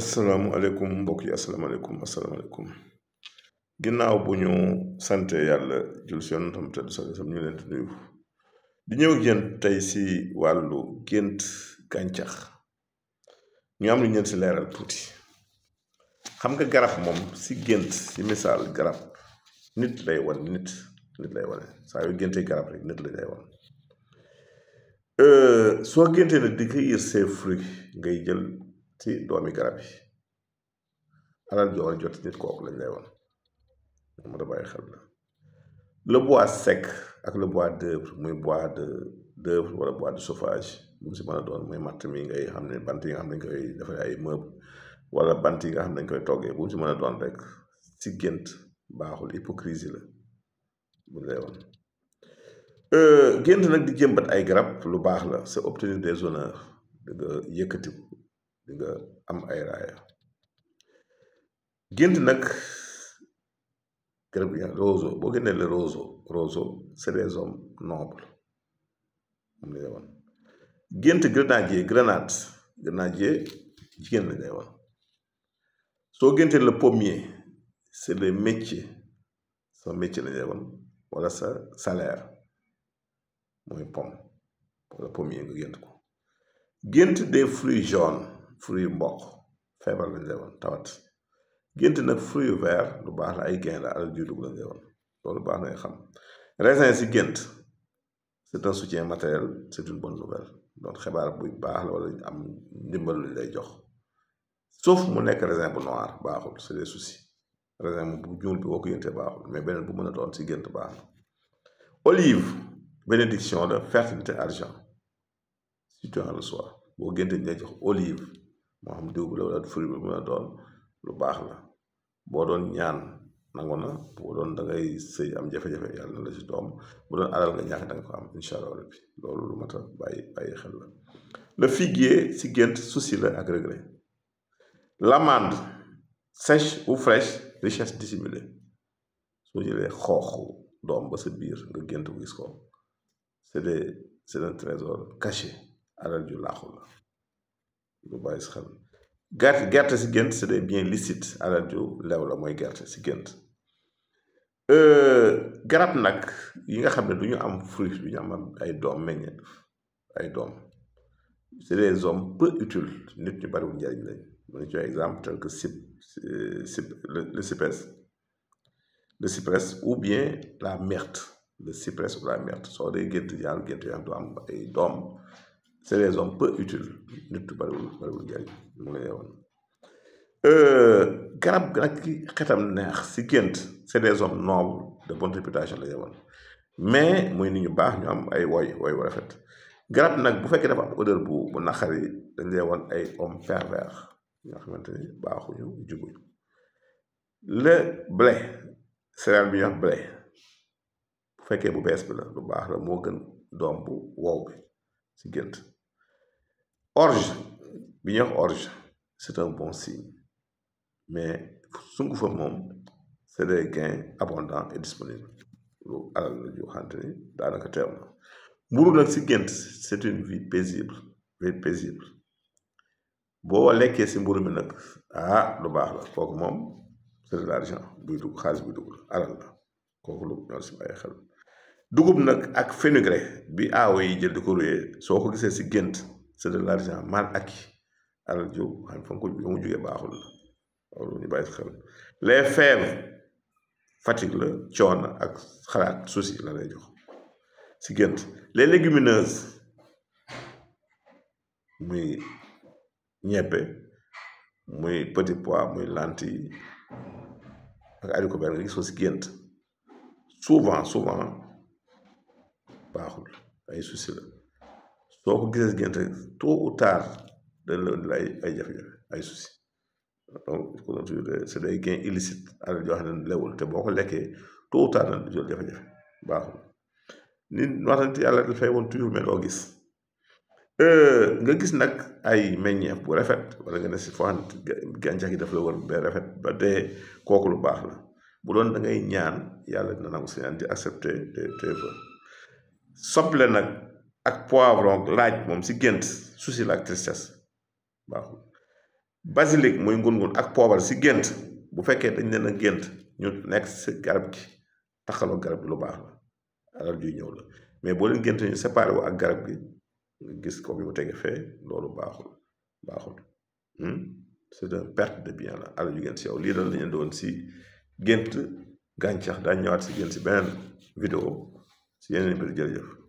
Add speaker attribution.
Speaker 1: asalaamualeykum mbokk yi asalaamaaleykum asalaamaaleykum ginnaaw bu ñu sante yàlla jul si yoon tam tëdd sa sam ñu leen di nuyu di ñëw ak yéen tey si wàllu gént gàncax ñu am lu ñeen si leeral tuuti xam nga garab moom si gént si misaal garab nit lay wan nit nit lay wane saa yu géntee garab rek nit lay wan euh, soo géntee nag di ko ir ses ngay jël si doomi garab yi alal joo jot nit kooku lañ lay woon moom da bàyyi xel la le bois sec ak le bois d'œuvre muy bois de d'œuvre wala bois de chauffage lu mu si mën a doon muy matt mi ngay xam ne bant yi nga xam ne dañ koy defar ay meuble wala bant yi nga xam ne dañ koy toggee bu mu si a doon rek si gént baaxul hypocrisie la bu lay woon euh, gént nag di jëmbat ay garab lu baax la c'est obtenir des honneurs di nga di nga am ay gént nag garab yaa roseau boo génnee le roseau roseau c'est des hommes nobles moom la ñu woon gént grenadier grenade grenadier jigéen la ñu soo géntee le pommier c'est le métier sa métier la ñu wala sa salaire mooy pom wala pommier nga gént ko gént des fruits jaunes. fruit yu mboq feebar lañ lay woon tawat gént nag fruit yu vert lu baax la ay gain la alal juy dugg lañ woon loolu baax na xam raisin si gént c'est un soutien matériel c'est une bonne nouvelle donc xibaar bu baax la wala am ndimbal luñ lay jox sauf mu nekk raisin bu noir baaxul c'est des soucis raisin bu ñuul bi boo ko yëntee baaxul mais beneen bu mën a doon si gént baax na olive bénédiction la fertilité argent si tu en reçois boo géntee ñu jox olive moo xam diw bi la wala fruit bi mën a doon lu baax la boo doon ñaan nangu na boo doon dangay ngay sëy am jafe-jafe yàlla na la si doom bu doon alal nga ñàkk da nga ko am incha allah rabbi loolu lu mat a bàyyi bàyyi xel la le figuier si gént souci la ak regret l'amande sèche ou fraîche richesse dissimulée soo jëlee xooxu doom ba sa biir nga géntu gis ko c'est des c'est un trésor caché alal ju laaxu la gerte gerte c'est des biens licites alal ju lew la mooy gerte si gént yi nga ne am fruit du ñu ay doom c'est des hommes peu utiles nit exemple tel que euh, le cypress. le ou bien la merde. le cyprès ou la merde. soo dee gént yàlla gént am ay c'est des hommes peu utiles nit ku bariwul bariwul njariñ mu ngi lay waxoon euh, garab nag ki xetam neex si gént c'est des hommes nobles de bonne réputation la yewoon mais muy nit ñu baax ñu am ay woy woy wu rafet garab nag bu fekkee dafa am odeur bu bu naqari dañ lay woon ay hommes pervers ñoo xamante ni baaxuñu jubuñu le blé céréale bi ñu wax bu fekkee bu bees bi la lu baax la moo gën doom bu wow bi si orge bi ñuy orge c'est un bon signe mais son fa moom c'est des gains abondants et disponibles lu alal la ju xante terme. daanaka teew mburu nag si c'est une vie paisible Une vie paisible boo lekkee si mburu mi nag ah lu baax la kooku moom c'est de l'argent buy dugg xaalis buy dugg alal la kooku lu ñoo si bàyyi xel dugub nak ak fenugrec bi awo yi jël di ko ruyee soo ko gisee si c'est de l'argent mal acquis alal jiw xam fa ko mu jógee baaxul la loolu ñu xel les fèves fatigue le coono ak xalaat souci la lay jox ci gént les légumineuses muy ñebbe muy petit pois muy lentille ak haricot vert nga gis ko si souvent souvent baaxul ay souci la soo ko gisee gént rek tout ou tard dañ lay ay ay jafe-jafe ay souci donc ko doon tuddee c'est des joo xam ne lewul te boo ko lekkee tôt ou tard dañ jël jafe-jafe baaxul nit waxtaan yàlla dafay woon toujours mais doo gis euh, nga gis nag ay meññeef bu rafet wala nga ne si foo xam ne gàncax gi daf la wër ba rafet ba dee kooku lu baax la bu doon da ngay ñaan yàlla na nangu si ñaan di accepter te soble nag ak poivron laaj moom si gént souci la ak tristesse baaxul basilic muy ngun-ngun ak poobar si gént bu fekkee dañ leen a gént ñu nekk si garab gi taxaloo garab gi lu baax la alal juy ñëw la mais boo leen gént ñu séparé ak garab gi nga gis ko bi mu tege fee loolu baaxul baaxul hmm? c'est une perte de bien la alal ju gént si yow lii dañ la ñu doon si gént gàncax daañu ñëwaat si gént si beneen vidéo si yeneen mbir jërëjëf